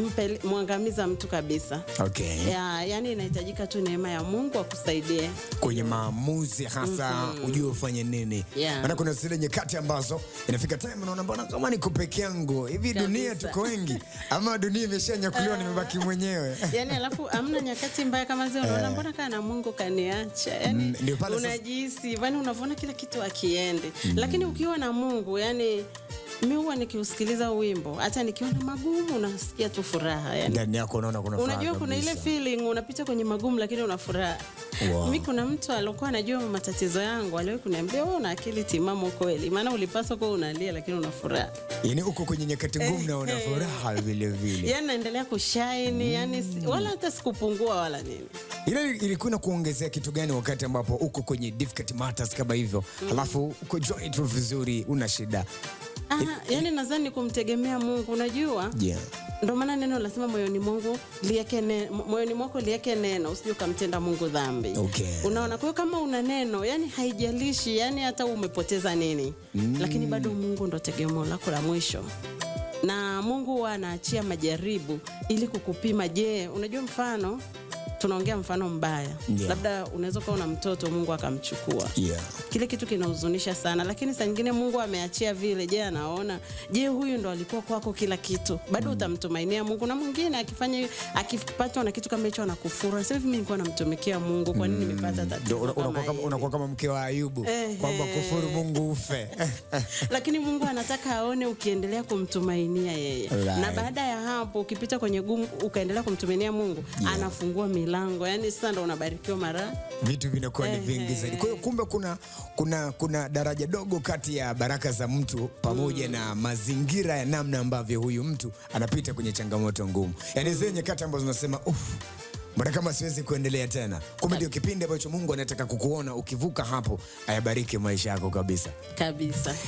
mpele, mwangamiza mtu kabisa. Okay. Ya, yani inahitajika tu neema ya Mungu akusaidie kwenye maamuzi hasa mm -hmm. Ujue ufanye nini yeah. kuna zile nyakati ambazo inafika time unaona mbona kama niko peke yangu hivi dunia tuko wengi ama dunia imeshanyakuliwa eh. nimebaki mwenyewe. Yani alafu amna nyakati mbaya kama zile unaona eh. mbona kana Mungu kaniacha. Yani mm, unajihisi, yani unavona kila kitu akiende. Mm -hmm. Lakini ukiwa na Mungu yani mi huwa nikiusikiliza wimbo hata nikiona magumu nasikia tu furaha yani. Ndani yako unaona kuna furaha. Unajua kuna ile feeling unapita kwenye magumu lakini una furaha. Wow. Mi kuna mtu alikuwa anajua matatizo yangu aliwahi kuniambia wewe una akili timamu kweli, maana ulipaswa kuwa unalia lakini una furaha. Yaani uko kwenye nyakati ngumu na una eh, eh. furaha vile vile. Yaani naendelea kushine, yaani mm. yani wala hata sikupungua wala nini. Ile ilikuwa na kuongezea kitu gani wakati ambapo uko kwenye difficult matters kama hivyo? Mm. Halafu uko joint vizuri una shida. Eh, yani eh. nadhani kumtegemea Mungu, unajua yeah. Ndio maana neno lazima moyoni mwangu liweke neno, moyoni mwako liweke neno, usije ukamtenda Mungu dhambi. Okay. Unaona, kwa hiyo kama una neno, yani haijalishi, yani hata umepoteza nini mm. Lakini bado Mungu ndo tegemeo lako la mwisho, na Mungu anaachia majaribu ili kukupima. Je, unajua mfano tunaongea mfano mbaya yeah. Labda unaweza kuwa una mtoto Mungu akamchukua yeah. Kile kitu kinahuzunisha sana, lakini saa nyingine Mungu ameachia vile. Je, anaona je, huyu ndo alikuwa kwako kila kitu bado mm. Utamtumainia Mungu na mwingine akifanya akipatwa na kitu kama hicho anakufura nasema hivi mimi nilikuwa namtumikia Mungu, kwa nini mm. nimepata tatizo? Unakuwa kama mke wa Ayubu kwamba kufuru Mungu ufe lakini Mungu anataka aone ukiendelea kumtumainia yeye right. Na baada ya hapo ukipita kwenye gumu ukaendelea kumtumainia Mungu yeah. Anafungua mili mlango. Yani sasa ndo unabarikiwa mara vitu vinakuwa ni vingi zaidi. Kwa hiyo kumbe kuna, kuna, kuna daraja dogo kati ya baraka za mtu pamoja mm. na mazingira ya namna ambavyo huyu mtu anapita kwenye changamoto ngumu, yani zenye zile nyakati ambazo unasema uff mbona kama siwezi kuendelea tena. Kumbe ndio kipindi ambacho Mungu anataka kukuona ukivuka hapo, ayabariki maisha yako kabisa kabisa.